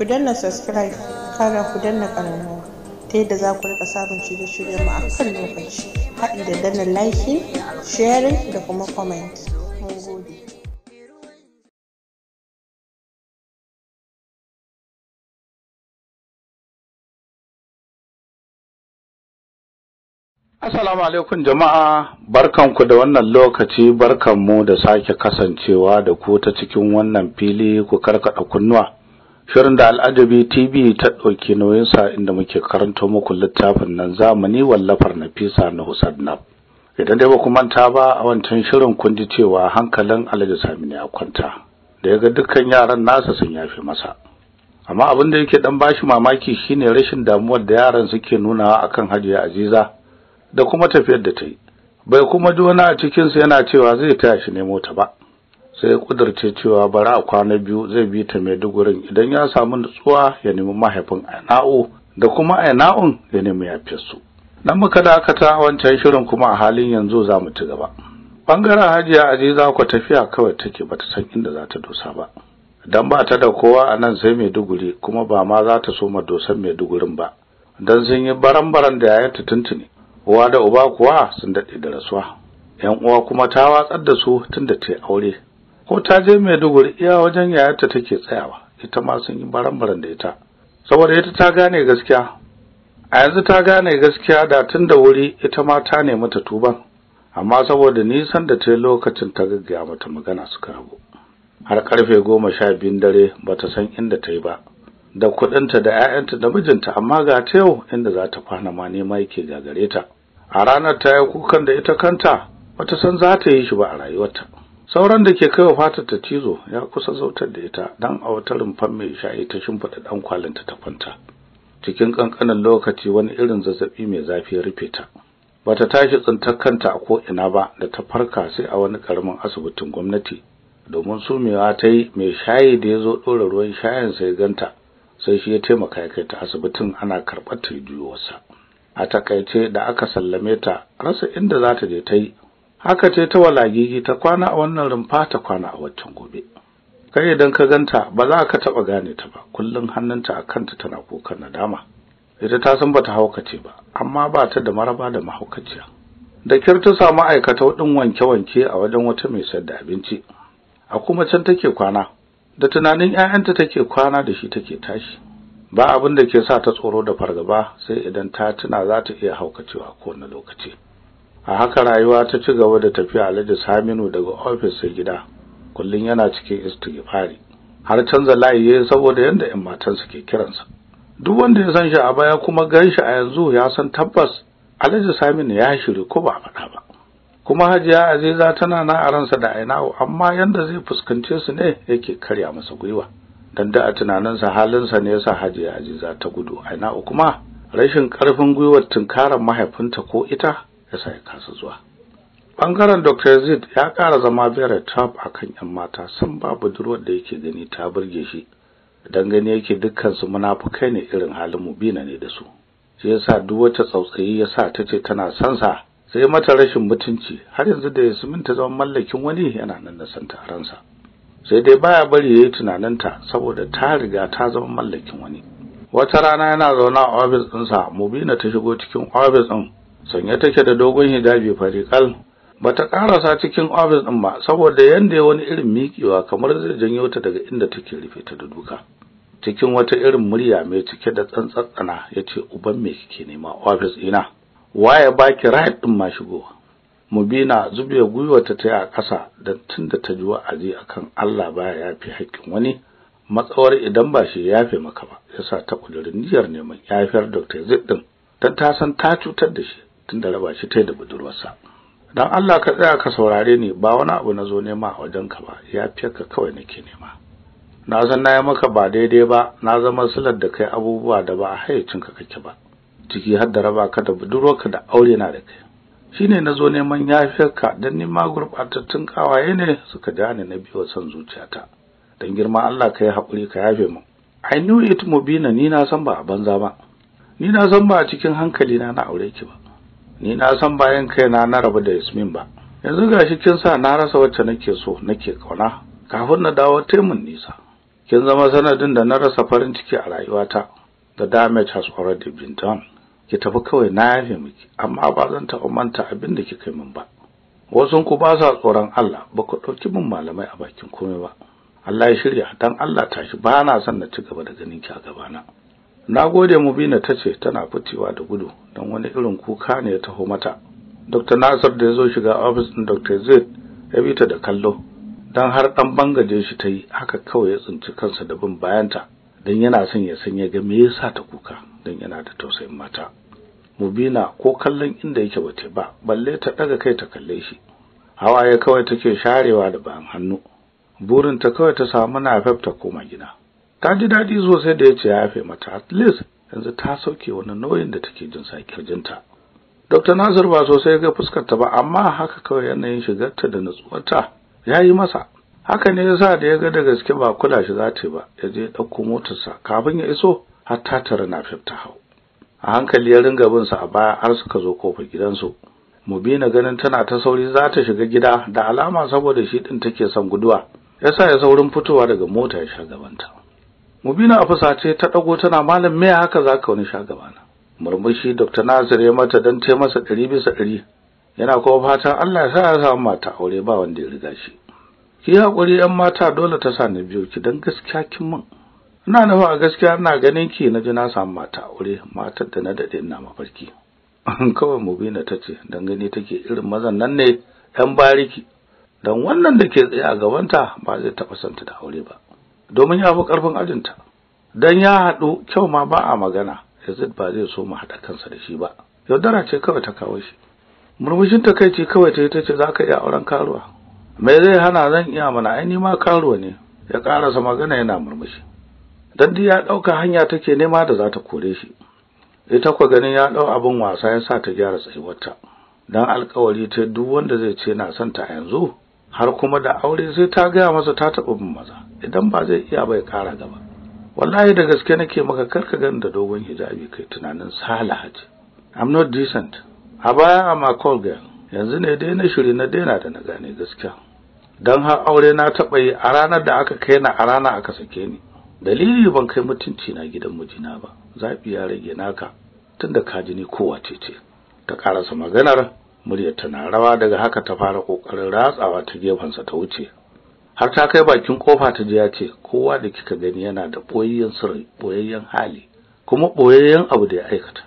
ku danna subscribe kara ku danna ƙararrawa ta yadda za ku rika samun shirye shirye mu a kan lokaci haɗi da danna like sharing da kuma comment mun Assalamu alaikum jama'a barkanku da wannan lokaci barkanmu da sake kasancewa da ku ta cikin wannan fili ku karkada kunnuwa shirin da al'ajabi tv ta ɗauki nauyin sa inda muke karanto muku littafin nan zamani wallafar nafisa na husadnab idan dai ba ku manta ba a wancan shirin kun ji cewa hankalin alhaji samini ya kwanta da ya ga dukkan yaran nasa sun yafe masa amma abin da yake dan bashi mamaki shine rashin damuwar da yaran suke nunawa akan hajiya aziza da kuma tafiyar da ta yi bai kuma ji a cikinsu yana cewa zai taya shi nemo ta ba sai ya kudurce cewa bara a kwana biyu zai bi ta Maiduguri idan ya samu nutsuwa ya nemi mahaifin Aina'u da kuma Aina'un ya nemi yafiyarsu dan muka dakata wancan shirin kuma a halin yanzu za mu ci gaba bangaren Hajiya Aziza ku tafiya kawai take bata san inda za ta dosa ba dan ba ta da kowa a nan sai Maiduguri kuma ba ma za ta so ma dosan Maidugurin ba dan sun yi baran-baran da yayanta tuntuni uwa da uba kuwa sun daɗe da rasuwa yan uwa kuma ta watsar da su tunda ta yi aure ko ta je Maiduguri iya wajen yayarta take tsayawa ita ma sun yi baran da ita saboda ita ta gane gaskiya a yanzu ta gane gaskiya da tun da wuri ita ma ta nemi ta tuban amma saboda nisan da ta lokacin ta gaggaya mata magana suka rabu har karfe goma sha biyun dare ba ta san inda ta yi ba da kuɗinta da 'ya'yanta da mijinta amma ga ta yau inda za ta fana ma nema yake gagare ta a ranar ta yi kukan da ita kanta ba ta san za ta yi shi ba a rayuwarta sauran da ke kaiwa fatar ta cizo ya kusa zautar da ita dan a wata rumfan mai shayi ta shimfiɗa dan kwalinta ta kwanta cikin kankanan lokaci wani irin zazzabi mai zafi ya rufe ta bata tashi tsintar kanta a ko ina ba da ta farka sai a wani karamin asibitin gwamnati domin sumewa ta yi mai shayi da ya zo ɗora ruwan shayin sai ganta sai shi ya taimaka ya kai ta asibitin ana karɓar ta juyowarsa a takaice da aka sallame ta rasa inda za ta je ta yi haka ce ta walagigi ta kwana a wannan rumfa ta kwana a waccan gobe kai idan ka ganta ba za ka taba gane ta ba kullun hannunta a kanta tana kokar nadama ita ta san bata haukace ba amma ba ta da maraba da mahaukaciya da kyar ta samu aikata din wanke-wanke a wajen wata mai sayar da abinci a kuma can take kwana da tunanin ƴaƴanta take kwana da shi take tashi ba abin da ke sa ta tsoro da fargaba sai idan ta tuna za ta iya haukacewa kowane lokaci a haka rayuwa ta ci gaba da tafiya Alhaji Saminu daga ofis sai gida kullun yana cikin istighfari har canza layi saboda yanda ƴan matan ke kiransa duk wanda ya san shi a baya kuma gan shi a yanzu ya san tabbas Alhaji Saminu ya shiru ko ba faɗa ba kuma Hajiya Aziza tana na a ransa da Ainawo amma yanda zai fuskance su ne yake karya masa gwiwa dan da a tunaninsa halinsa ne yasa Hajiya Aziza ta gudu Ainawo kuma rashin karfin gwiwar tunkarar mahaifinta ko ita yasa ya kasa zuwa bangaren Dr. Zid ya kara zama very a kan yan mata san ba budurwar da yake gani ta burge shi dan gani yake dukkan su munafukai ne irin halin mubina ne da su shi yasa duk wata tsautsayi yasa ce tana san sa sai mata rashin mutunci har yanzu da Yasmin ta zama mallakin wani yana nan da santa ransa sai dai baya bari yayi tunaninta saboda ta riga ta zama mallakin wani wata rana yana zaune a ofis ɗinsa mubina ta shigo cikin ofis ɗin sanye take da dogon hijabi kal bata karasa cikin office din ba saboda yanda ya wani irin mikiwa, kamar zai janyo ta daga inda take rufe ta da duka cikin wata irin murya mai cike da tsantsatsana yace uban me kike nema office ina waye baki right din ma shigo? shigowa mubina zube guyuwarta ta a ƙasa da tunda ta ji wa'azi akan Allah baya yafi haƙƙin wani matsawar idan ba shi yafe maka ba yasa ta kudurin niyyar neman yafiyar Dr. Zid din dan ta san ta cutar da shi tunda raba shi tai da budurwarsa dan Allah ka tsaya ka saurare ni ba wani abu nazo nema a wajenka ba yafiyarka ka kawai nake nema na san na yi maka ba daidai ba na zama salar da kai abubuwa da ba a ka kake ba ciki har da raba ka da budurwarka da aure na da kai shine nazo neman yafiyarka dan ni ma gurbatattun kawaye ne suka ni na biyo son zuciyata dan girma Allah ka yi hakuri ka yafe mu I knew it mubina ni na san ba a banza ba ni na san ba a cikin hankali na na aure ki ba ni na san bayan kai na na rabu da Yasmin ba yanzu gashi kin sa na rasa wacce nake so nake kauna kafin na dawo taimun nisa kin zama sanadin da na rasa farin ciki a rayuwata the damage has already been done ki tafi kawai na yafe miki amma ba zan taɓa manta abin da kika yi min ba Wasu ku ba sa tsoron Allah ba ku ɗauki min malamai a bakin komai ba Allah ya shirya dan Allah tashi ba na son na ci gaba da ganin ki a gabana na gode mubina ta ce tana fitewa da gudu don wani irin kuka ne ya taho mata dr nasir da ya zo shiga ofis din dr zaid ya bi ta da kallo don har ɗan bangaje shi ta yi haka kawai ya tsinci kansa da bin bayanta don yana son ya san ya ga me yasa ta kuka don yana da tausayin mata mubina ko kallon inda yake wace ba balle ta ɗaga kai ta kalle shi hawaye kawai take sharewa da bayan hannu burin ta kawai ta samu na ta koma gina. ta ji daɗi sosai da ya ce ya haife mata at least yanzu ta sauke wani nauyin da take jin sa kirjinta Dr. Nasir ba sosai ga fuskarta ba amma haka kawai yanayin shigarta da nutsuwarta ya yi masa haka ne yasa da ya ga da gaske ba kula shi za ta ba ya je ɗauko motarsa kafin ya iso har ta tara na ta hau a hankali ya ringa bin sa a baya har suka zo kofar gidansu Mubina ganin tana ta sauri za ta shiga gida da alama saboda shi din take son guduwa yasa ya saurin fitowa daga mota ya sha gabanta Mubina a fusace ta dago tana malam me haka za ka wani shagabana murmushi Dr. Nasir ya mata dan ce masa 100 bisa 100 yana kuma fatan Allah ya sa ya samu mata aure ba wanda ya riga shi ki hakuri yan mata dole ta sa ni biyo ki dan gaskiya kin mun ina nufa a gaskiya ina ganin ki na ji na samu mata aure matar da na dade ina mafarki kawai Mubina tace dan gani take irin mazan nan ne yan bariki dan wannan da ke tsaye a gabanta ba zai taɓa santa da aure ba domin ya fi ƙarfin ajinta dan ya haɗu kyau ma ba a magana Yazid ba zai so mu haɗa kansa da shi ba yaudara ce kawai ta kawo shi murmushin ta kai ce kawai ta yi ta ce za ka iya auren karuwa mai zai hana zan iya mana ai ma karuwa ne ya sa magana yana murmushi dan ya ɗauka hanya take nema da za ta kore shi ita kwa ganin ya ɗau abin wasa ya sa ta gyara tsayuwarta dan alkawari ta duk wanda zai ce na son ta yanzu har kuma da aure sai ta gaya masa ta taɓa bin maza idan ba zai iya bai ƙara gaba wallahi da gaske nake maka karka gan da dogon hijabi kai tunanin salaha ce i'm not decent a baya am a call girl yanzu ne dai na shiri na daina da na gane gaskiya dan har aure na taɓa yi a ranar da aka kai na a rana aka sake ni dalili ban kai mutunci na gidan mijina ba Zafi ya rage naka tunda ka ji ni kowa ce ta ƙarasa maganar Muryarta tana na rawa daga haka ta fara kokarin ratsawa ta gefen sa ta wuce har ta kai bakin kofa ta ji ya ce kowa da kika gani yana da boyayyen sirri boyayyen hali kuma boyayyen abu da ya aikata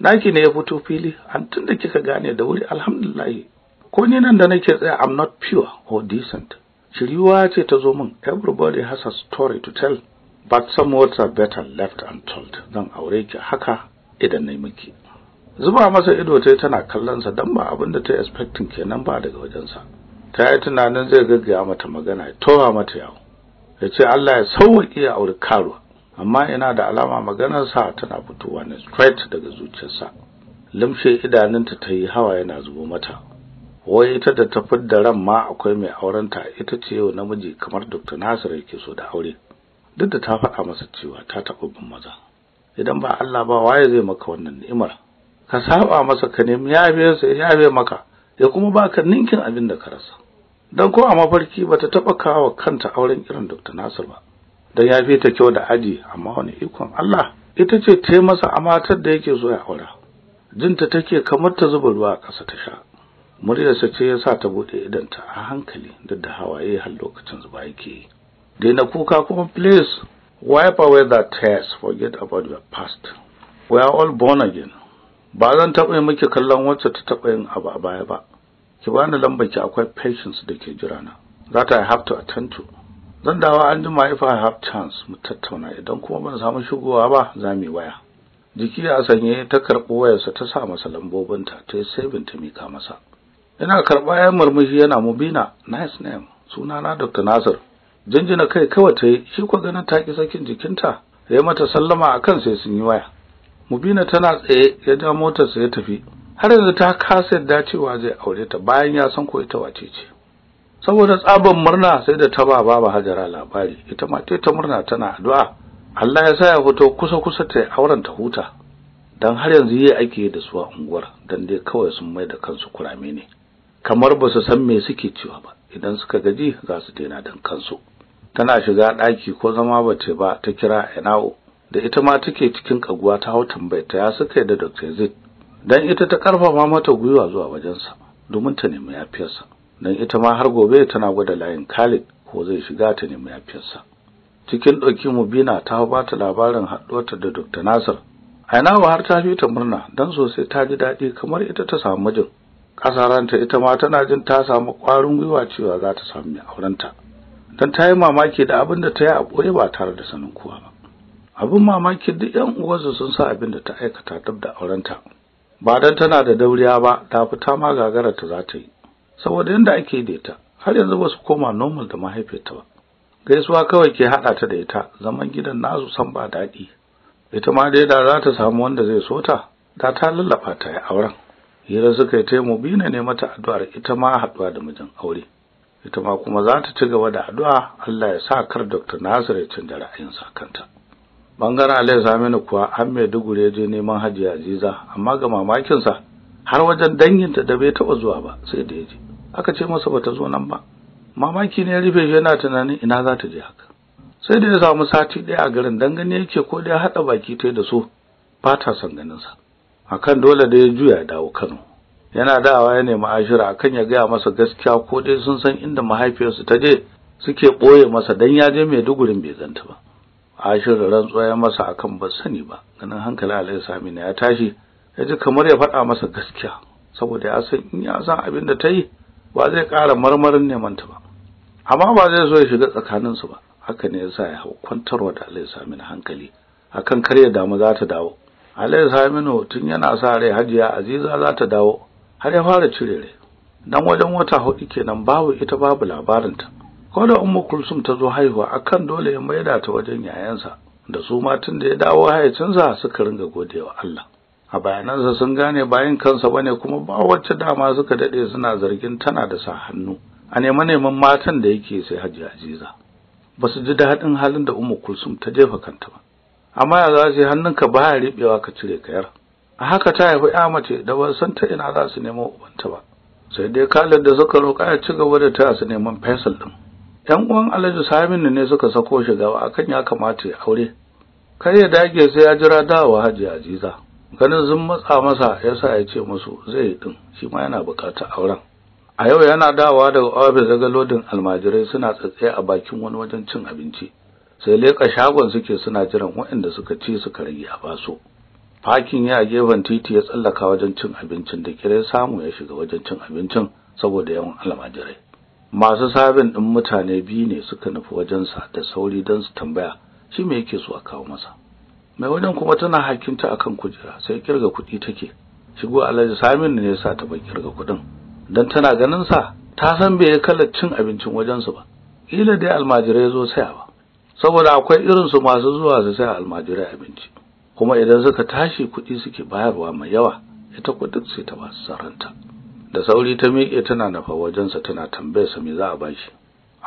naki ne ya fito fili an tunda kika gane da wuri alhamdulillah ko ni nan da nake tsaya i'm not pure or decent shiriwa ce ta zo min everybody has a story to tell but some words are better left untold zan aure ki haka idan nayi miki zuba masa ido tai tana kallon sa dan ba abin da ta expecting kenan ba daga wajensa ta yi tunanin zai gaggaya mata magana ya towa mata yawo ya ce Allah ya sauwaƙe ya auri karuwa amma ina da alama maganar sa tana fitowa ne straight daga zuciyarsa limshe idanunta ta yi hawa yana zubo mata wai ita da ta da ran ma akwai mai aurenta ita ce yau namiji kamar Dr. Nasir yake so da aure duk da ta faɗa masa cewa ta taɓa bin maza idan ba Allah ba waye zai maka wannan ni'imar ka saba masa ka nemi yabe sa ya yabe maka ya kuma baka ninkin abin da ka rasa dan ko a mafarki bata taba kawo kanta auren irin Dr. Nasir ba dan ya ta kyau da aji amma wani ikon Allah ita ce ta masa amatar da yake so ya aura jinta take kamar ta zuba ruwa a ƙasa ta sha muryarsa ce yasa ta bude idanta a hankali duk da hawaye har lokacin zuba yake daina kuka kuma please wipe away that tears forget about your past we are all born again ba zan taɓa yi miki kallon wacce ta taɓa yin abu a baya ba ki bani lambar ki akwai patience da ke jira na that i have to attend to zan dawo an jima if i have chance mu tattauna idan kuma ban samu shigowa ba za mu yi waya jiki a sanye ta karɓi wayarsa ta sa masa lambobinta ta yi saving ta mika masa ina karɓa yan murmushi yana mubina nice name sunana dr nasir jinjina kai kawai ta yi shi kwa ganin ta ki sakin jikinta ya mata sallama akan sai sun yi waya mubina tana tsaye ya ja motarsa ya tafi har yanzu ta kasa yadda cewa zai aure ta bayan ya san ko ita wace ce saboda tsabar murna sai da ta ba baba hajara labari ita ma ta murna tana addu'a Allah ya sa ya fito kusa kusa ta auren ta huta dan har yanzu yayi ake da su a unguwar dan dai kawai sun mai da kansu kurame ne kamar ba su san me suke cewa ba idan suka gaji za su daina dan kansu tana shiga ɗaki ko zama bace ba ta kira Ina'u da ita ma take cikin kaguwa ta hau tambayta ya suka da Dr. Zid dan ita ta karfafa mata gwiwa zuwa wajensa domin ta nemi yafiyarsa dan ita ma har gobe tana gwada layin Khalid ko zai shiga ta nemi yafiyarsa cikin ɗauki Mubina ta ba ta labarin haɗuwarta da Dr. Nasir wa har ta fi ta murna dan sosai ta ji daɗi kamar ita ta samu mijin kasaranta ita ma tana jin ta samu ƙwarin gwiwa cewa za ta samu aurenta dan ta yi mamaki da abin da ta yi a ɓoye ba tare da sanin kowa ba abin mamaki duk yan uwansu sun sa abin da ta aikata dab da aurenta ba dan tana da dauriya ba ta fita ma gagara ta za ta yi saboda yanda ake da ita har yanzu ba su koma normal da mahaifiyarta ba gaisuwa kawai ke hada ta da ita zaman gidan nasu san ba daɗi ita ma dai da za ta samu wanda zai so ta da ta lallafa ta yi auren hira suka yi ta mubina ne mata addu'ar ita ma haɗuwa da mijin aure ita ma kuma za ta ci gaba da addu'a Allah ya sa kar Dr. Nasir ya canza ra'ayinsa kanta bangaren alai Saminu kuwa har Maiduguri ya je neman Hajiya Aziza amma ga mamakinsa har wajen danginta da bai taba zuwa ba sai da ya je aka ce masa bata zo nan ba mamaki ne ya rufe shi yana tunanin ina za ta je haka sai da ya samu sati ɗaya a garin dangane yake ko da ya haɗa baki ta da su ba ta son ganinsa akan dole da ya juya ya dawo Kano yana dawa ya nemi ashira akan ya gaya masa gaskiya ko dai sun san inda mahaifiyarsu ta je suke ɓoye masa dan ya je Maidugurin bai zanta ba ashirin rantsuwa ya masa akan ba sani ba ganin hankali alayhi samina ya tashi ya ji kamar ya faɗa masa gaskiya saboda ya san in ya san abin da ta yi ba zai ƙara marmarin neman ta ba amma ba zai so ya shiga tsakanin tsakaninsu ba haka ne yasa ya hau kwantarwa da alayhi samina hankali akan ya damu za ta dawo alayhi saminu tun yana sa rai hajiya aziza za ta dawo har ya fara cire rai dan wajen wata hudu kenan babu ita babu labarinta ko da ummu kulsum ta zo haihuwa akan dole ya maida ta wajen yayansa da su matan da ya dawo hayacinsa suka ringa godewa Allah a bayanansa sun gane bayan kansa bane kuma ba wacce dama suka dade suna zargin tana da sa hannu a neman neman matan da yake sai Hajji Aziza ba su ji daɗin halin da ummu kulsum ta jefa kanta ba amma ya za su hannunka baya riɓewa ka cire kayar a haka ta haifi ya mace da ban san ta ina za su nemo ubanta ba sai dai kalar da suka roƙa ya ci gaba da ta su neman fesal din yan uwan Alhaji Saminu ne suka sako shi gaba akan ya kamata ya aure Kar ya dage sai ya jira dawa Haji Aziza ganin sun matsa masa yasa ya ce musu zai din shi ma yana bukatar auren a yau yana dawa daga ofis daga lodin almajirai suna tsatsaye a bakin wani wajen cin abinci sai leka shagon suke suna jiran waɗanda suka ci suka rage a baso fakin ya gefen titi ya tsallaka wajen cin abincin da kire samu ya shiga wajen cin abincin saboda yawan almajirai masu sabin ɗin mutane biyu ne suka nufi wajensa da sauri don su tambaya shi me yake so a kawo masa mai wajen kuma tana hakinta akan kujera sai kirga kuɗi take shigo alhaji samin ne yasa ta bar kirga kuɗin don tana ganin sa ta san bai yi kalar cin abincin wajensu ba kila dai almajirai zo ba, saboda akwai irin su masu zuwa su saya almajirai abinci kuma idan suka tashi kuɗi suke bayarwa mai yawa ita kuɗin sai ta ba su saranta da sauri ta miƙe tana nafa wajensa tana sa me za a ba shi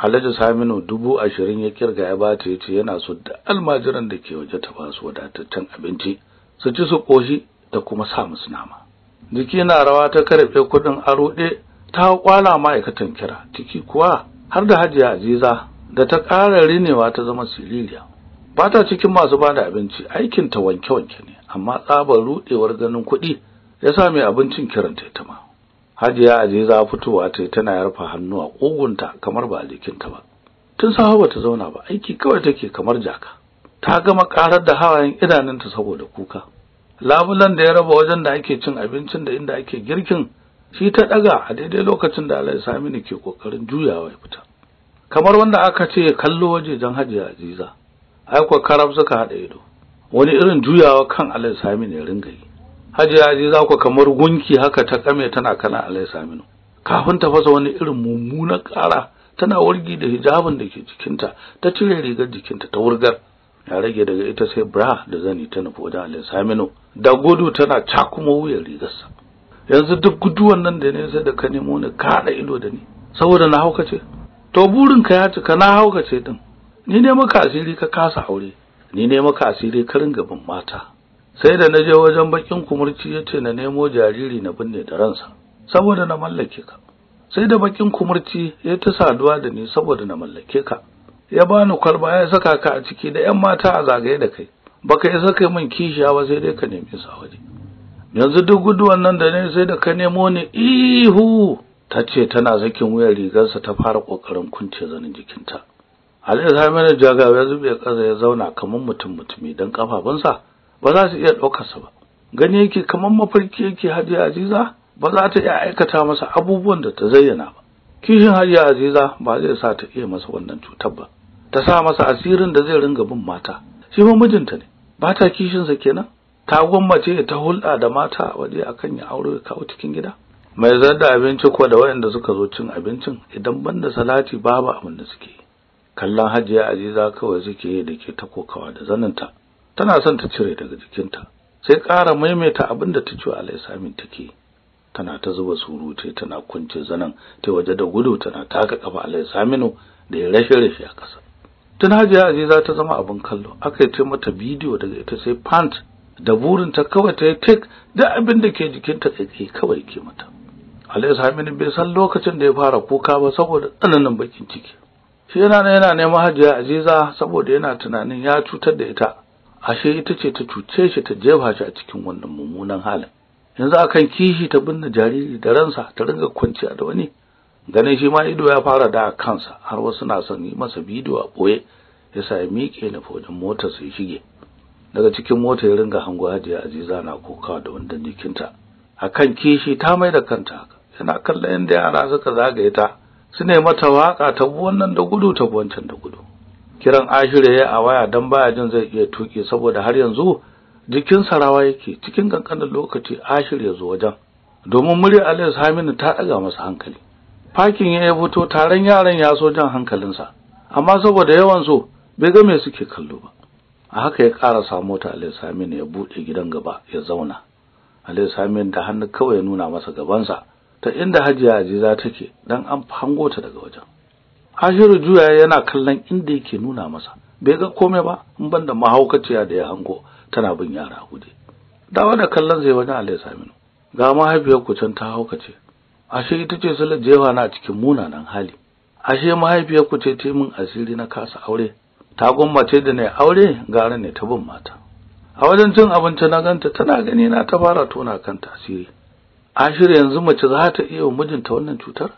Alhaji Saminu dubu ashirin ya kirga ya bata yace yana so da almajiran da ke waje ta basu wadataccen abinci su ci su koshi da kuma sa musu nama jiki na rawa ta karfe kudin aruɗe ta kwala ma'aikatan kira ciki kuwa har da Hajiya Aziza da ta ƙara rinewa ta zama siririya ba ta cikin masu ba da abinci aikin ta wanke-wanke ne amma tsabar rudewar ganin kuɗi ya sa mai abincin kiranta ya ma Hajiya Aziza fitowa ta tana yarfa hannu a kogunta kamar ba a jikinta ba. Tun safa ta zauna ba, aiki kawai take kamar jaka. Ta gama karar da hawayen idanunta saboda kuka. Labulan da ya raba wajen da ake cin abincin da inda ake girkin shi ta daga a daidai lokacin da sami Saminu ke kokarin juyawa ya fita. Kamar wanda aka ce ya kallo waje don Hajiya Aziza. Ai kuwa karab suka haɗa ido. Wani irin juyawa kan Alhaji Saminu ya ringa yi. hajiya ji za ku kamar gunki haka ta kame tana kana alai saminu kafin ta fasa wani irin mummunan kara tana wargi da hijabin da ke jikinta ta cire rigar jikinta ta wurgar ya rage daga ita sai bra da zani ta nufi wajen sami saminu da gudu tana cakuma wuyan rigarsa yanzu duk guduwan nan da ne sai da ka nemo ni ka ido da ni saboda na haukace to burinka ya cika na haukace din ni ne maka asiri ka kasa aure ni ne maka asiri ka ringa bin mata sai da na je wajen bakin kumurci ya ce na nemo jariri na binne da ransa saboda na mallake ka sai da bakin kumurci ya ta saduwa da ni saboda na mallake ka ya bani kwalba ya saka ka a ciki da yan mata a zagaye da kai baka ya saka min kishiya ba sai dai ka nemi sa waje yanzu duk guduwan nan da ne sai da ka nemo ni ihu ta ce tana zakin wuyan rigarsa ta fara kokarin kunce zanin jikinta Halil Hamidu Jagawa ya zube ƙasa ya zauna kamar mutum mutumi don kafafunsa ba za su iya ɗaukarsa ba gani yake kamar mafarki yake hajiya aziza ba za ta iya aikata masa abubuwan da ta zayyana ba kishin hajiya aziza ba zai sa ta iya masa wannan cutar ba ta sa masa asirin da zai ringa bin mata shi ma mijinta ne ba ta kishinsa kenan ta gwammace ta hulɗa da mata a waje akan ya aure kawo cikin gida mai zar da abinci ko da waɗanda suka zo cin abincin idan ban da salati babu abin da suke kallon hajiya aziza kawai suke yi da ke ta kokawa da zaninta tana son ta cire daga jikinta sai ƙara maimaita abin da ta ci alaisamin take tana ta zuba surute tana kunce zanan ta waje da gudu tana taka kafa alaisaminu da ya rashe rashe a ƙasa tun hajiya aziza ta zama abin kallo aka yi mata bidiyo daga ita sai pant da burin ta kawai ta yi tek da abin da ke jikinta tsaye kawai ke mata alaisaminu bai san lokacin da ya fara kuka ba saboda tsananin bakin ciki shi yana yana neman hajiya aziza saboda yana tunanin ya cutar da ita ashe ita ce ta cuce shi ta jefa shi a cikin wannan mummunan halin yanzu akan kishi ta binne jariri da ransa ta ringa kwanciya da wani ganin shi ma ido ya fara da kansa har wasu na son yi masa bidiyo a boye ya sa ya miƙe na fojin motar sai shige daga cikin mota ya ringa hango hajiya aziza na koka da wanda jikinta akan kishi ta mai da kanta yana kallon yadda yara suka zagaye ta su ne mata waƙa ta wannan da gudu ta wancan da gudu kiran ashire ya a waya don baya jin zai iya tuki saboda har yanzu jikin sarawa yake cikin kankanin lokaci ashir ya zo wajen domin murya Alias Haminu ta daga masa hankali fakin ya fito taron yaran ya so jan hankalinsa amma saboda yawan so bai ga me suke kallo ba a haka ya ƙara mota Alias Haminu ya buɗe gidan gaba ya zauna Alias Haminu da hannu kawai ya nuna masa gabansa ta inda Hajiya za take dan an hango ta daga wajen Ashiru juya yana kallon inda yake nuna masa bai ga komai ba in banda da mahaukaciya da ya hango tana bin yara gude dawa da kallon zai wajen Alhaji Saminu ga mahaifiyar ku can ta haukace ashe ita ce su jefa na cikin munanan hali ashe mahaifiyar ku ce ta min asiri na kasa aure ta gwammace da na aure gara ne ta bin mata a wajen cin abinci na ganta tana gani na ta fara tona kan tasiri Ashiru yanzu mace za ta iya mijinta wannan cutar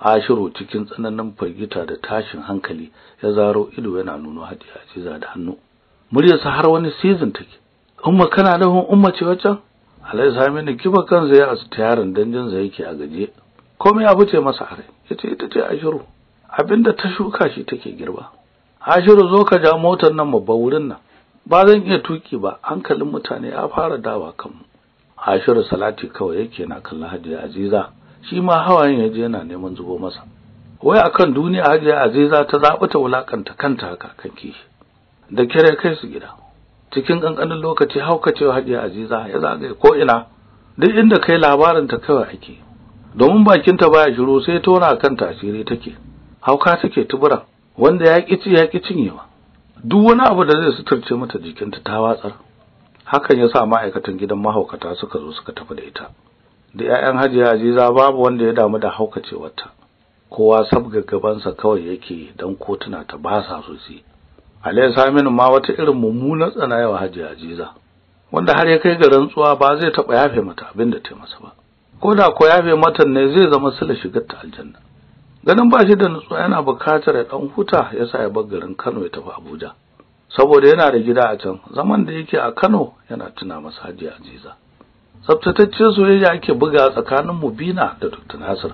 Ashiru cikin tsananin firgita da tashin hankali ya zaro ido yana nuno a Aziza da hannu. Muryarsa har wani season take. Umma kana da hun umma ce waccan? Alhaji Saminu kifa kan zai asu tayarin danjin zai yake a gaje. Komai abu ce masa are. Yace ita ce Ashiru. Abinda ta shuka shi take girba. Ashiru zo ka ja motar nan babba wurin nan. Ba zan iya tuki ba, hankalin mutane ya fara dawa kanmu. Ashiru Salati kawai yake na kallon Hajiya Aziza shi ma hawayen ya je yana neman zubo masa wai akan duniya hajiya aziza ta zaɓi ta wulakanta kanta haka kan kishi da kire kai su gida cikin ƙanƙanin lokaci haukacewa hajiya aziza ya zagaye ko ina duk inda kai labarin ta kawai ake domin bakinta baya shiru sai tona kanta asiri take hauka take tubura wanda ya ƙi ci ya ƙi cinyewa duk wani abu da zai suturce mata jikinta ta watsar hakan ya sa ma'aikatan gidan mahaukata suka zo suka tafi da ita da 'ya'yan hajiya aziza babu wanda ya damu da haukacewarta kowa sabga gabansa kawai yake don kotuna ta ba sa sosai alayyar saminu ma wata irin mummunar tsanayawa hajiya aziza wanda har ya kai ga rantsuwa ba zai taɓa yafe mata abin da ta masa ba ko da ko yafe mata ne zai zama sula shigar ta aljanna ganin ba shi da nutsuwa yana bukatar ya ɗan huta ya sa ya bar garin kano ya tafi abuja saboda yana da gida a can zaman da yake a kano yana tuna masa hajiya aziza tsaftataccen soyayya ake buga tsakanin mubina da dr nasir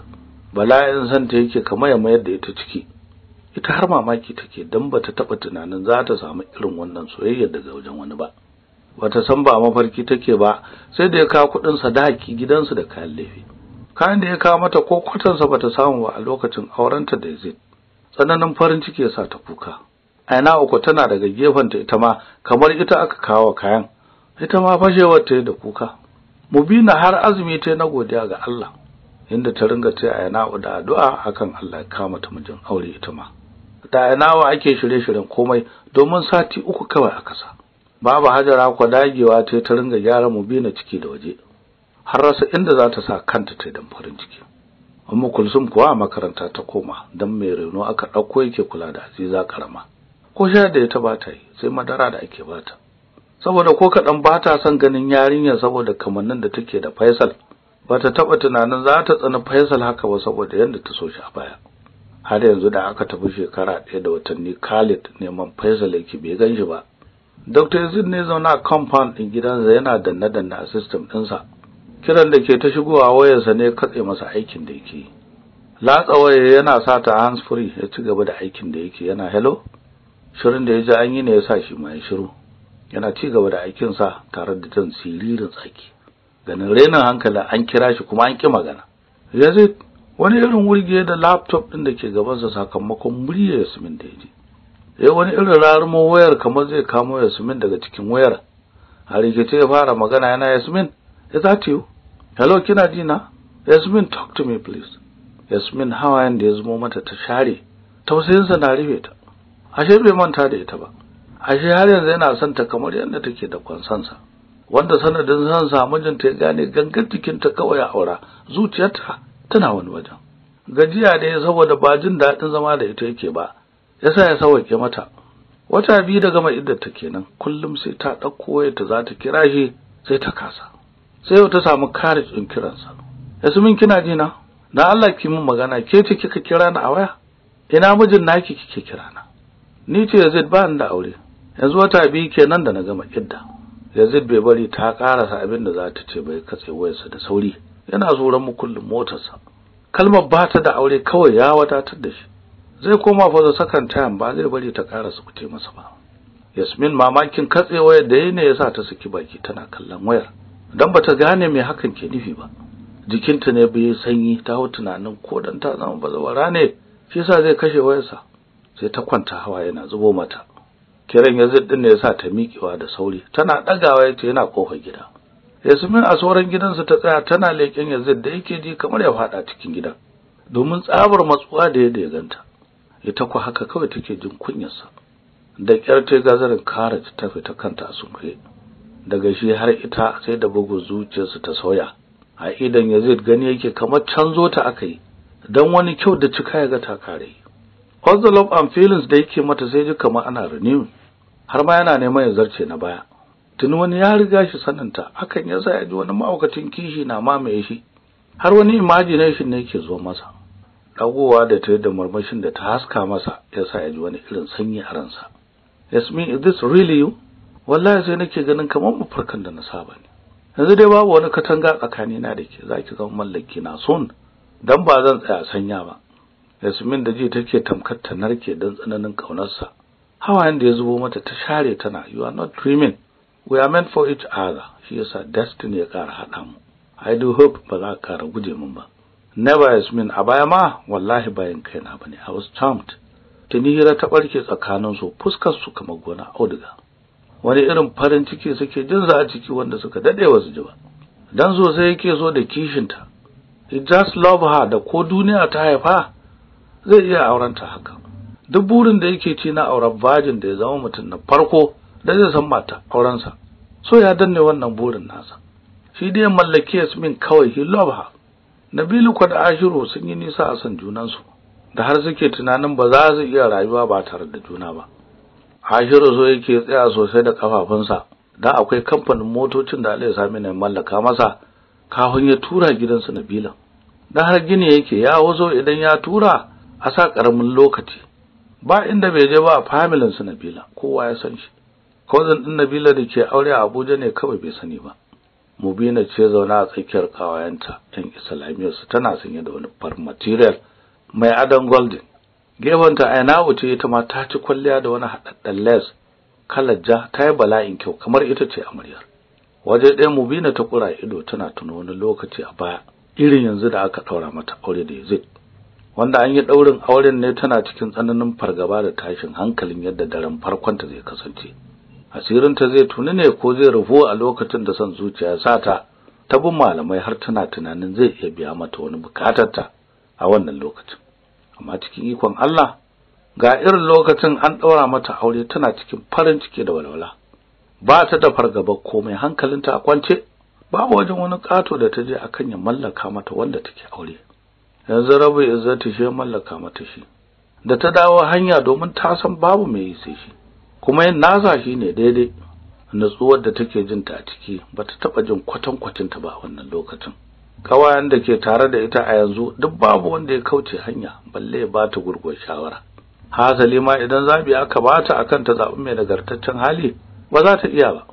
yin san ta yake kamar ya mayar da ita ciki ita har mamaki take dan bata taba tunanin za ta samu irin wannan soyayya daga wajen wani ba wata san ba mafarki take ba sai da ya kawo kuɗin sadaki gidansu da kayan lefe kayan da ya kawo mata ko kwatansa bata samu ba a lokacin aurenta da Zaid. tsananin farin ciki ya sa ta kuka aina uku tana daga gefenta ita ma kamar ita aka kawo kayan ita ma fashewar ta da kuka mubina har azumi ta na godiya ga Allah inda ta ringa ta ayana'u da addu'a akan Allah ya kama ta mijin aure ita ma da ayana'u ake shirye-shiryen komai domin sati uku kawai a kasa babu hajara kwa dagewa ta ta ringa gyara mu mubina ciki da waje har rasa inda za ta sa kanta ta dan farin ciki amma kulsum kuwa makaranta ta koma dan mai reno aka dauko yake kula da aziza karama ko sha da ya ta yi sai madara da ake bata saboda ko kaɗan ba ta son ganin yarinya saboda kamannin da take da Faisal bata ta taɓa tunanin za ta tsani Faisal haka ba saboda yadda ta so shi a baya har yanzu da aka tafi shekara ɗaya da watanni Khalid neman Faisal yake bai gan shi ba Dr. Yazid ne zauna a compound gidan gidansa yana danna danna a system ɗinsa kiran da ke ta shigowa wayarsa ne katse masa aikin da yake latsa waya yana sa ta hands free ya ci gaba da aikin da yake yana hello shirin da ya ji an yi ne ya sa shi mai shiru yana ci gaba da aikin sa tare da jan siririn tsaki ganin renin hankali an kira shi kuma an ki magana yazid wani irin wurge da laptop din da ke gabansa sakamakon muryar yasmin da yaji ya eh, wani irin rarumo wayar kamar zai kamo yasmin daga cikin wayar a rikice ya fara magana yana yasmin is that you hello kina jina yasmin talk to me please yasmin hawa da ya zumo mata ta share tausayinsa na rufe ta ashe bai manta da ita ba ashe har yanzu yana son ta kamar yadda take da kwansansa wanda sanadin san sa mijinta ya gane gangar ta kawai a aura zuciyarta tana wani wajen gajiya da ya saboda ba jin daɗin zama da ita yake ba yasa ya sauke mata wata biyu da gama mai ta kenan kullum sai ta ɗauko yadda za ta kira shi sai ta kasa sai yau ta samu kare ɗin kiransa yasu min kina ji na na Allah ki min magana ke ce kika kira ni a waya ina mijin naki kike kira na ni ce zai ba da aure yanzu wata biyu kenan da na gama kidda. Yazid bai bari ta karasa abin da za ta ce bai katse wayarsa da sauri yana zuran mukullin motarsa kalmar ba ta da aure kawai ya wadatar da shi zai koma fa da sakan tayan ba zai bari ta karasa kute masa ba Yasmin mamakin katse wayar da yana yasa ta saki baki tana kallon wayar dan bata gane me hakan ke nufi ba jikinta ne bai sanyi ta hau tunanin ko dan ta zama bazawara ne shi yasa zai kashe wayarsa sai ta kwanta hawa yana zubo mata kiran yazid ɗin ne ya sa ta miƙewa da sauri tana ɗagawa ya ce yana ƙofa gida yasmin a sauran gidansa ta tsaya tana leƙen yazid da yake ji kamar ya faɗa cikin gida, domin tsabar matsuwa da ya ganta ita ku haka kawai take jin kunyarsa da ƙyar ta gazarin kara ta tafi ta kanta a sunkuye daga shi har ita sai da bugu zuciyarsa ta sauya a idan yazid gani yake kamar canzo ta aka yi don wani kyau da cika ya ga ta kare all the love and feelings da yake mata sai ji kamar ana renew har ma yana neman ya zarce na baya tuni wani ya riga shi saninta hakan ya sa ya ji wani ma'aukacin kishi na mamaye shi har wani imagination ne yake zo masa dagowa da ta da murmushin da ta haska masa ya sa ya ji wani irin sanyi a ransa Yasmin is this really you wallahi sai nake ganin kamar mafarkan da na saba ne yanzu dai babu wani katanga tsakanina da ke zaki zama mallaki na son dan ba zan tsaya sanya ba Yasmin da ji take tamkar ta narke dan tsananin ƙaunarsa. Hawayen da ya zubo mata ta share tana, you are not dreaming. We are meant for each other. Shi yasa destiny ya kara haɗa mu. I do hope ba za ka ƙara guje min ba. Never Yasmin a baya ma wallahi bayan kaina bane. I was charmed. Tuni hira ta barke tsakanin su fuskar su kamar gona auduga. Wani irin farin ciki suke jin za a ciki wanda suka dade wasu ji ba. Dan so sai yake so da kishinta. He just love her da ko duniya ta haifa zai iya aurenta haka duk burin da yake ci na auren bajin da ya zama mutum na farko da zai san mata aurensa so ya danne wannan burin nasa shi dai mallake Yasmin kawai he love her Nabilu kwa da Ashiru sun yi nisa a san su da har suke tunanin ba za su iya rayuwa ba tare da juna ba Ashiru so yake tsaya sosai da kafafunsa da akwai kamfanin motocin da Allah ya sami ne mallaka masa kafin ya tura gidansu Nabila da har gini yake ya wazo idan ya tura a sa ƙaramin lokaci ba inda bai je ba a su Nabila kowa ya san shi cousin ɗin Nabila da ke aure a Abuja ne kawai bai sani ba Mubina ce zauna a tsakiyar kawayenta ɗan Islamiyya su tana sanye da wani far material mai adon golden gefenta aina wuce ita ma ta ci kwalliya da wani haɗaɗɗen lace kalar ja ta yi bala'in kyau kamar ita ce amaryar waje ɗaya Mubina ta kura ido tana tuno wani lokaci a baya irin yanzu da aka ɗaura mata aure da Yazid wanda an yi daurin auren ne tana cikin tsananin fargaba da tashin hankalin yadda daren farkon ta zai kasance asirinta zai tuni ne ko zai rufu a lokacin da son zuciya sa ta ta bin malamai har tana tunanin zai iya biya mata wani bukatarta a wannan lokacin amma cikin ikon Allah ga irin lokacin an daura mata aure tana cikin farin ciki da walwala ba ta da fargaba komai hankalinta a kwance babu wajen wani kato da ta je akan ya mallaka mata wanda take aure yanzu rabu ta shi mallaka mata shi da ta dawo hanya domin ta san babu mai yi shi kuma yin nasa shi ne daidai natsuwar da take jin ta a ciki ta taba jin kwatankwacin ta ba wannan lokacin kawayen da ke tare da ita a yanzu duk babu wanda ya kauce hanya balle ba ta gurgur shawara hasali ma idan zabi aka ta akan ta zabi mai nagartaccen hali ba za ta iya ba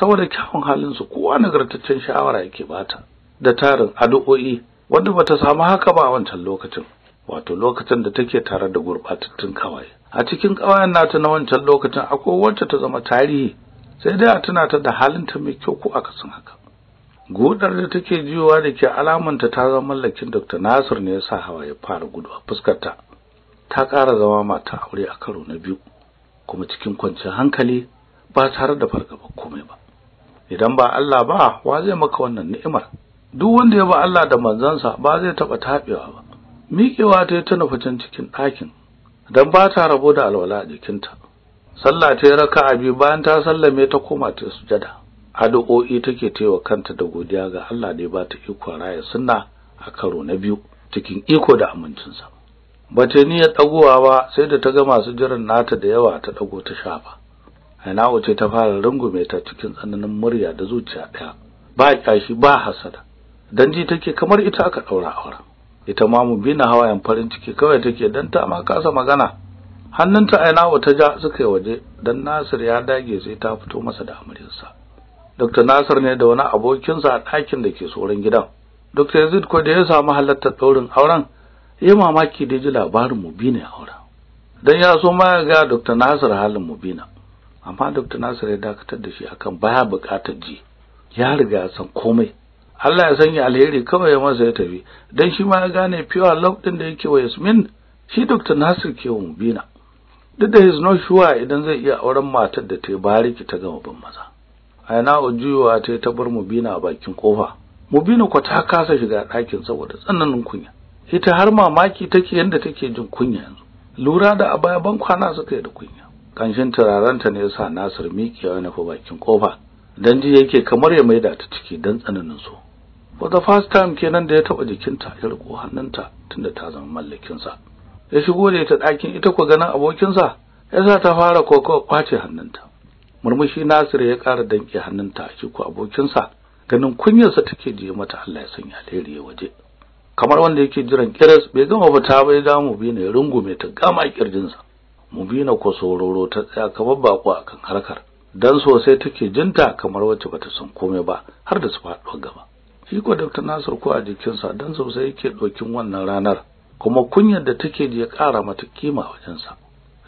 saboda kyawun halin su kowa nagartaccen shawara yake bata da tarin addu'o'i wanda bata samu haka ba a wancan lokacin wato lokacin da take tare da gurbatattun kawaye. a cikin kawayen nata na wancan lokacin akwai wacce ta zama tarihi sai dai a tuna ta da halinta mai kyau ko akasin haka gudar da take jiyowa da ke alamanta ta zama mallakin Dr. Nasir ne ya sa hawa ya fara gudu a fuskarta ta ƙara zama mata aure a karo na biyu kuma cikin kwanciyar hankali ba tare da fargaba komai ba idan ba Allah ba wa zai maka wannan ni'imar duk wanda ya ba Allah da manzansa ba zai taba taɓewa ba miƙewa ta yi ta nufi cikin ɗakin don ba ta rabo da alwala a jikinta sallah ta yi raka a biyu bayan ta sallame ta koma ta sujada addu'o'i take taiwa kanta da godiya ga Allah da ya ba ta ikon raya sunna a karo na biyu cikin iko da amincinsa Bace ta niyyar ɗagowa ba sai da ta ga masu jiran nata da yawa ta ɗago ta shafa ina ce ta fara rungume ta cikin tsananin murya da zuciya ɗaya ba ƙyashi ba hasada dan ji take kamar ita aka daura aure ita ma mu bina hawayen farin ciki kawai take dan ta ma kasa magana hannunta a nawa ta ja suka yi waje dan Nasir ya dage sai ta fito masa da sa Dr Nasir ne da wani abokinsa a ɗakin da ke tsoron gidan Dr Yazid ko da ya samu halartar daurin auren ya mamaki da ji labarin Mubina ya aura dan ya so ma ya ga Dr Nasir halin mu na, amma Dr Nasir ya dakatar da shi akan baya bukatar ji ya riga san komai Allah ya sanya alheri kawai ya masa ya tafi dan shi ma ya gane pure love din da yake wa Yasmin shi Dr. Nasir ke wa Mubina duk da his no sure idan zai iya auren matar da ta bariki ta gama bin maza A ina ujuwa ta ta bar mu bina a bakin kofa mu bina ko ta kasa shiga ɗakin saboda tsananin kunya ita har mamaki take yanda take jin kunya yanzu lura da a baya ban kwana suka yi da kunya kanshin turarenta ne yasa Nasir miƙewa na fa bakin kofa dan ji yake kamar ya maida ta ciki dan tsananin su. for the first time kenan da ya taba jikinta ya riko hannunta tunda ta zama mallakinsa ya shigo da ta ɗakin ita ko ganin abokinsa ya sa ta fara koko kwace hannunta murmushi Nasir ya ƙara danke hannunta shi ko abokinsa ganin kunyarsa take je mata Allah ya sanya alheri waje kamar wanda yake jiran kiras bai gama fita ba ya mu bi ya rungume ta gama Mu kirjinsa na ko sororo ta tsaya kamar bako akan harkar dan sosai take jinta kamar wacce bata san komai ba har da su faɗo gaba shi ko Dr. Nasir ko a jikinsa dan sosai yake ɗokin wannan ranar kuma kunyar da take ji ya ƙara mata kima wajensa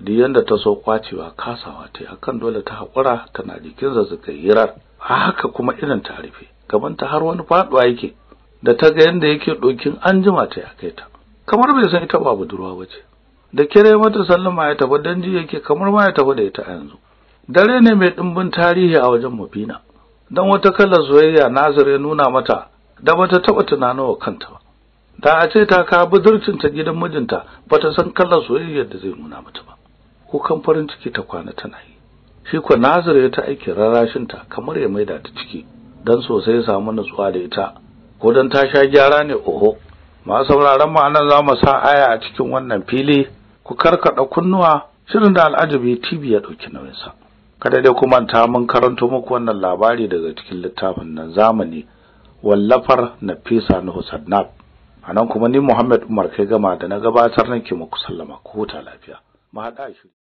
duk yadda ta so kwacewa kasawa ta akan dole ta haƙura tana jikinsa suka hirar a haka kuma irin ta rufe gaban ta har wani faɗuwa yake da ta ga yadda yake ɗokin anjima jima ta ya kai ta kamar bai san ita ba budurwa ba ce da kira mata sallama ya tafi danji yake kamar ma ya tafi da ita a yanzu dare ne mai ɗimbin tarihi a wajen mafina dan wata kallon soyayya Nazare ya nuna mata da bata taba tunanin wa kanta ba da a ce ta ka budurcin ta gidan mijinta bata san kallon soyayyar da zai nuna mata ba Ko farin ciki ta kwana tana yi shi ko Nazare ya ta aiki rarashin ta kamar ya maida ta ciki dan sosai ya samu nutsuwa da ita ko dan ta sha gyara ne oho ma sauraron mu anan zamu sa aya a cikin wannan fili ku karkada kunnuwa shirin da al'ajabi TV ya dauki sa. kada dai kuma ta mun karanto muku wannan labari daga cikin littafin nan zamani wallafar Nafisa Nuhu Sadnab anan kuma ni Muhammad Umar kai gama da na gabatar nake muku sallama ku huta lafiya mu shi